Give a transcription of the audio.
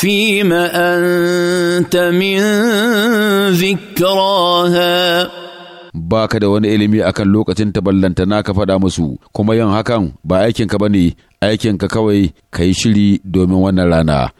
فيم أنت من ذكراها baka da wani ilimi akan lokacin na ka faɗa musu kuma yin hakan ba aikinka ba ne aikinka kawai ka yi shiri domin wannan rana